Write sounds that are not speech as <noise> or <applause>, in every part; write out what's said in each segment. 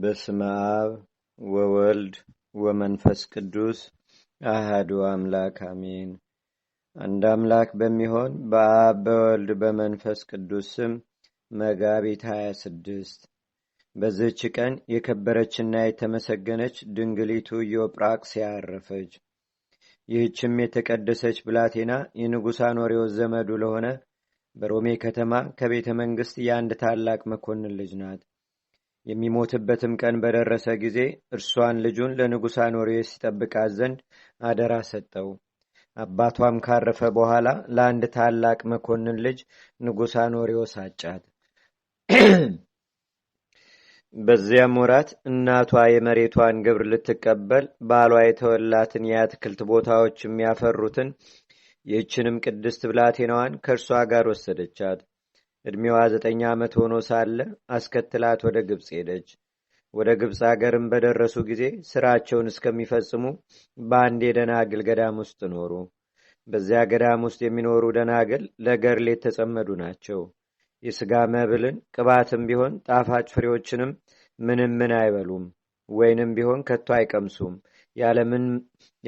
በስመ አብ ወወልድ ወመንፈስ ቅዱስ አህዱ አምላክ አሜን። አንድ አምላክ በሚሆን በአብ በወልድ በመንፈስ ቅዱስ ስም መጋቢት 26 በዝች ቀን የከበረችና የተመሰገነች ድንግሊቱ ዮጵራቅስያ አረፈች። ይህችም የተቀደሰች ብላቴና የንጉሥ አኖሬዎስ ዘመዱ ለሆነ በሮሜ ከተማ ከቤተ መንግሥት የአንድ ታላቅ መኮንን ልጅ ናት። የሚሞትበትም ቀን በደረሰ ጊዜ እርሷን ልጁን ለንጉሥ አኖሬዎስ ይጠብቃት ዘንድ አደራ ሰጠው። አባቷም ካረፈ በኋላ ለአንድ ታላቅ መኮንን ልጅ ንጉሥ አኖሬዎስ አጫት። <clears throat> በዚያም ወራት እናቷ የመሬቷን ግብር ልትቀበል ባሏ የተወላትን የአትክልት ቦታዎች የሚያፈሩትን ይህችንም ቅድስት ብላቴናዋን ከእርሷ ጋር ወሰደቻት። ዕድሜዋ ዘጠኝ ዓመት ሆኖ ሳለ አስከትላት ወደ ግብፅ ሄደች። ወደ ግብፅ አገርም በደረሱ ጊዜ ስራቸውን እስከሚፈጽሙ በአንድ የደናግል ገዳም ውስጥ ኖሩ። በዚያ ገዳም ውስጥ የሚኖሩ ደናግል ለገርሌ የተጸመዱ ናቸው። የሥጋ መብልን ቅባትም ቢሆን ጣፋጭ ፍሬዎችንም ምንም ምን አይበሉም። ወይንም ቢሆን ከቶ አይቀምሱም።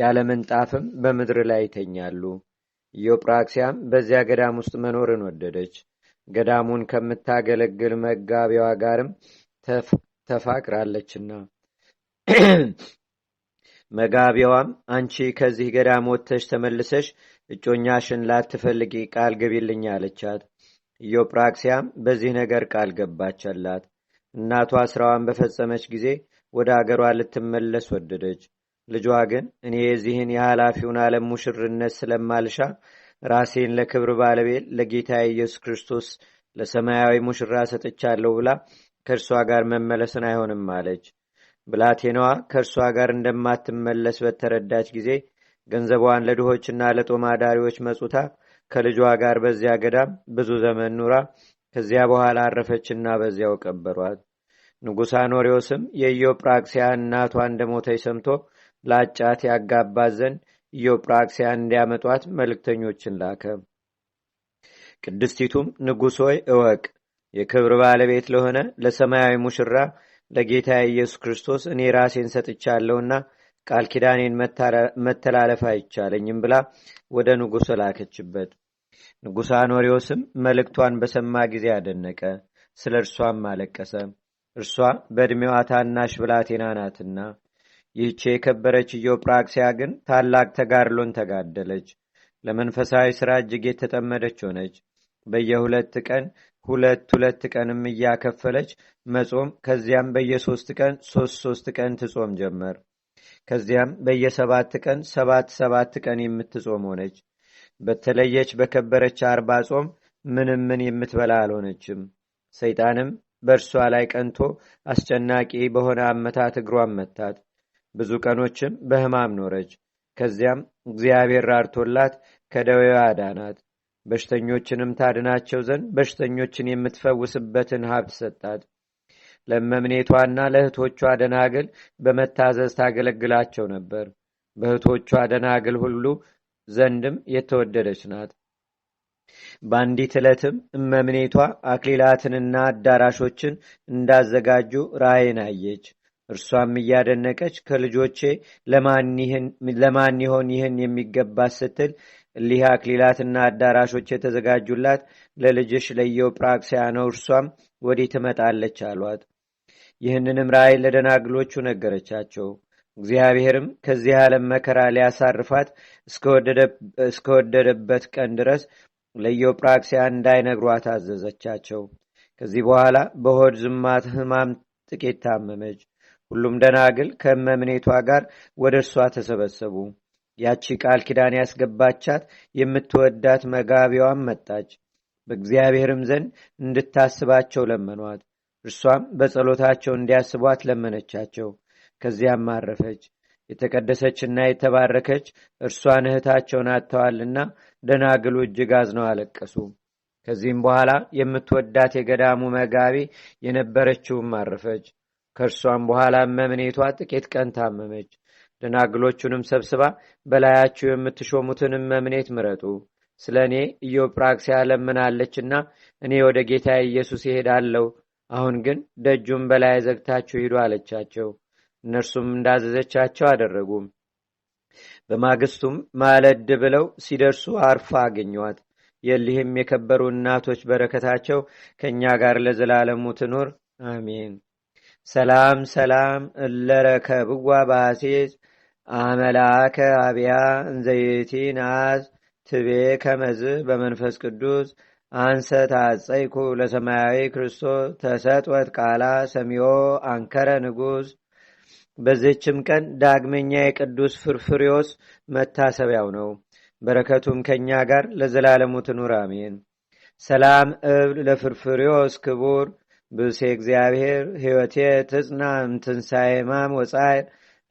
ያለምንጣፍም በምድር ላይ ይተኛሉ። ኢዮጵራክሲያም በዚያ ገዳም ውስጥ መኖርን ወደደች። ገዳሙን ከምታገለግል መጋቢዋ ጋርም ተፋቅራለችና <clears throat> መጋቢዋም አንቺ ከዚህ ገዳም ወጥተሽ ተመልሰሽ እጮኛሽን ላትፈልጊ ቃል ግቢልኝ አለቻት። ኢዮጵራክሲያም በዚህ ነገር ቃል ገባችላት። እናቷ ስራዋን በፈጸመች ጊዜ ወደ አገሯ ልትመለስ ወደደች። ልጇ ግን እኔ የዚህን የኃላፊውን ዓለም ሙሽርነት ስለማልሻ ራሴን ለክብር ባለቤት ለጌታ ኢየሱስ ክርስቶስ ለሰማያዊ ሙሽራ ሰጥቻለሁ ብላ ከእርሷ ጋር መመለስን አይሆንም አለች። ብላቴናዋ ከእርሷ ጋር እንደማትመለስ በተረዳች ጊዜ ገንዘቧን ለድሆችና ለጦማ ዳሪዎች መጹታ ከልጇ ጋር በዚያ ገዳም ብዙ ዘመን ኑራ ከዚያ በኋላ አረፈችና በዚያው ቀበሯት። ንጉሥ አኖሬዎስም የኢዮጵራቅሲያ እናቷ እንደሞተች ሰምቶ ላጫት ያጋባት ዘንድ ኢዮጵራክሲያ እንዲያመጧት መልእክተኞችን ላከ። ቅድስቲቱም ንጉሥ ሆይ እወቅ፣ የክብር ባለቤት ለሆነ ለሰማያዊ ሙሽራ ለጌታ ኢየሱስ ክርስቶስ እኔ ራሴን ሰጥቻለሁና ቃል ኪዳኔን መተላለፍ አይቻለኝም ብላ ወደ ንጉሥ ላከችበት። ንጉሥ አኖሪዎስም መልእክቷን በሰማ ጊዜ አደነቀ፣ ስለ እርሷም አለቀሰ። እርሷ በዕድሜዋ ታናሽ ብላቴና ናትና ይህች የከበረች ኢዮጵራክሲያ ግን ታላቅ ተጋድሎን ተጋደለች። ለመንፈሳዊ ሥራ እጅግ የተጠመደች ሆነች። በየሁለት ቀን ሁለት ሁለት ቀንም እያከፈለች መጾም፣ ከዚያም በየሶስት ቀን ሶስት ሶስት ቀን ትጾም ጀመር። ከዚያም በየሰባት ቀን ሰባት ሰባት ቀን የምትጾም ሆነች። በተለየች በከበረች አርባ ጾም ምንም ምን የምትበላ አልሆነችም። ሰይጣንም በእርሷ ላይ ቀንቶ አስጨናቂ በሆነ አመታት እግሯን መታት። ብዙ ቀኖችም በሕማም ኖረች። ከዚያም እግዚአብሔር ራርቶላት ከደዌዋ አዳናት። በሽተኞችንም ታድናቸው ዘንድ በሽተኞችን የምትፈውስበትን ሀብት ሰጣት። ለመምኔቷና ለእህቶቿ ደናግል በመታዘዝ ታገለግላቸው ነበር። በእህቶቿ ደናግል ሁሉ ዘንድም የተወደደች ናት። በአንዲት ዕለትም እመምኔቷ አክሊላትንና አዳራሾችን እንዳዘጋጁ ራእይን አየች። እርሷም እያደነቀች ከልጆቼ ለማን ይሆን ይህን የሚገባ ስትል እሊህ አክሊላትና አዳራሾች የተዘጋጁላት ለልጅሽ ለየው ፕራክሲያ ነው፣ እርሷም ወዲህ ትመጣለች አሏት። ይህንንም ራእይ ለደናግሎቹ ነገረቻቸው። እግዚአብሔርም ከዚህ ዓለም መከራ ሊያሳርፋት እስከወደደበት ቀን ድረስ ለኢዮጵራክሲያ እንዳይነግሯት አዘዘቻቸው። ከዚህ በኋላ በሆድ ዝማት ህማም ጥቂት ታመመች። ሁሉም ደናግል ከመምኔቷ ጋር ወደ እርሷ ተሰበሰቡ። ያቺ ቃል ኪዳን ያስገባቻት የምትወዳት መጋቢዋም መጣች። በእግዚአብሔርም ዘንድ እንድታስባቸው ለመኗት። እርሷም በጸሎታቸው እንዲያስቧት ለመነቻቸው። ከዚያም አረፈች። የተቀደሰችና የተባረከች እርሷን እህታቸውን አጥተዋልና ደናግሉ እጅግ አዝነው አለቀሱ። ከዚህም በኋላ የምትወዳት የገዳሙ መጋቢ የነበረችውም አረፈች። ከእርሷም በኋላ መምኔቷ ጥቂት ቀን ታመመች። ደናግሎቹንም ሰብስባ በላያችሁ የምትሾሙትንም መምኔት ምረጡ፣ ስለ እኔ ኢዮጵራክሲያ ለምናለችና እኔ ወደ ጌታ ኢየሱስ ይሄዳለሁ። አሁን ግን ደጁም በላይ ዘግታችሁ ሂዱ አለቻቸው። እነርሱም እንዳዘዘቻቸው አደረጉም። በማግስቱም ማለድ ብለው ሲደርሱ አርፋ አገኟት። የሊህም የከበሩ እናቶች በረከታቸው ከእኛ ጋር ለዘላለሙ ትኖር አሜን። ሰላም ሰላም ብዋ ባሲጽ አመላከ አብያ እንዘይቲ ናስ ትቤ ከመዝ በመንፈስ ቅዱስ አንሰ ታጸይኩ ለሰማያዊ ክርስቶስ ተሰጥወት ቃላ ሰሚዮ አንከረ ንጉሥ። በዚህችም ቀን ዳግመኛ የቅዱስ ፍርፍሪዎስ መታሰቢያው ነው። በረከቱም ከእኛ ጋር ለዘላለሙ ትኑር አሜን። ሰላም እብል ለፍርፍሪዎስ ክቡር ብእሴ እግዚአብሔር ሕይወቴ ትጽና እምትንሣኤ ማም ወፃይ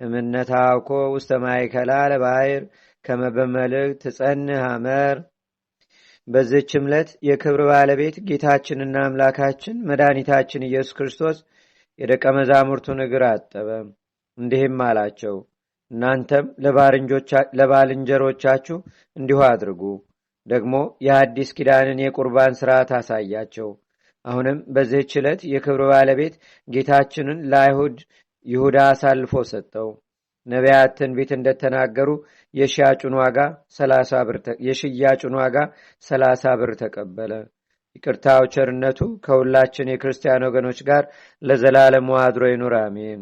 እምነት አውኮ ውስተ ማይከላ ለባይር ከመበመልእክት ትጸንህ አመር በዝች ዕለት የክብር ባለቤት ጌታችንና አምላካችን መድኃኒታችን ኢየሱስ ክርስቶስ የደቀ መዛሙርቱን እግር አጠበ። እንዲህም አላቸው፣ እናንተም ለባልንጀሮቻችሁ እንዲሁ አድርጉ። ደግሞ የአዲስ ኪዳንን የቁርባን ሥርዓት አሳያቸው። አሁንም በዚህች ዕለት የክብር ባለቤት ጌታችንን ለአይሁድ ይሁዳ አሳልፎ ሰጠው። ነቢያት ትንቢት እንደተናገሩ የሽያጩን ዋጋ ሰላሳ ብር ተቀበለ። ይቅርታው ቸርነቱ ከሁላችን የክርስቲያን ወገኖች ጋር ለዘላለም ዋድሮ ይኑር፣ አሜን።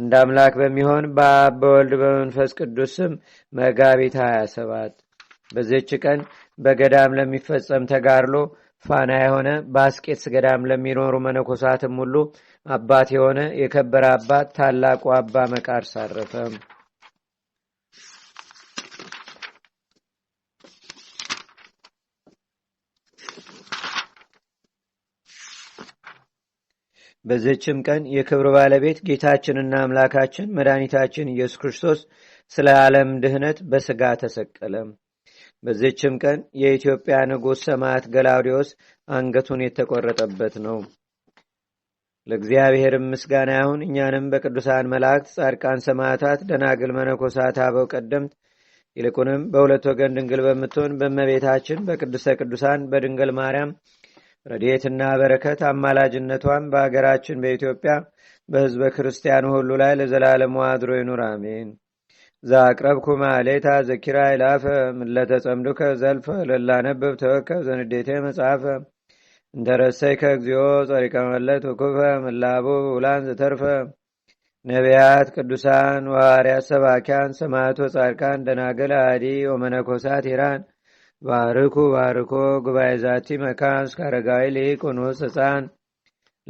እንደ አምላክ በሚሆን በአብ በወልድ በመንፈስ ቅዱስ ስም መጋቢት 27 በዚህች ቀን በገዳም ለሚፈጸም ተጋድሎ ፋና የሆነ በአስቄትስ ገዳም ለሚኖሩ መነኮሳትም ሁሉ አባት የሆነ የከበረ አባት ታላቁ አባ መቃር ሳረፈ በዘችም ቀን የክብር ባለቤት ጌታችንና አምላካችን መድኃኒታችን ኢየሱስ ክርስቶስ ስለ ዓለም ድህነት በስጋ ተሰቀለም። በዚችም ቀን የኢትዮጵያ ንጉሥ ሰማዕት ገላውዲዮስ አንገቱን የተቆረጠበት ነው። ለእግዚአብሔር ምስጋና ይሁን። እኛንም በቅዱሳን መላእክት፣ ጻድቃን፣ ሰማዕታት፣ ደናግል፣ መነኮሳት፣ አበው ቀደምት ይልቁንም በሁለት ወገን ድንግል በምትሆን በእመቤታችን በቅድስተ ቅዱሳን በድንግል ማርያም ረድኤትና በረከት አማላጅነቷን በአገራችን በኢትዮጵያ በሕዝበ ክርስቲያኑ ሁሉ ላይ ለዘላለሙ አድሮ ይኑር፣ አሜን። ዛቅረብኩማ ሌታ ዘኪራ ይላፈ ምለተጸምዱከ ዘልፈ ለላነብብ ተወከ ዘንዴቴ መጽሐፈ እንተረሰይከ እግዚኦ ጸሪቀ መለት ውኩፈ ምላቡ ውላን ዘተርፈ ነቢያት ቅዱሳን ዋርያት ሰባኪያን ሰማዕት ወጻድቃን ደናገል አዲ ወመነኮሳት ሂራን ባርኩ ባርኮ ጉባኤ ዛቲ መካን እስከ አረጋዊ ልሂቅ ንዑስ ህፃን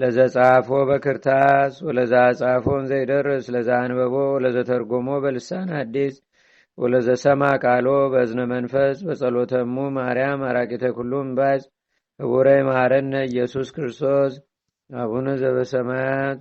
ለዘጻፎ በክርታስ ወለዛ ጻፎን ዘይደርስ ለዛ አንበቦ ተርጎሞ በልሳን አዲስ ወለዘሰማ ቃሎ በእዝነ መንፈስ በጸሎተሙ ማርያም አራቂተ ኩሉም ባዝ እቡረ ማረነ ኢየሱስ ክርስቶስ አቡነ ዘበሰማያት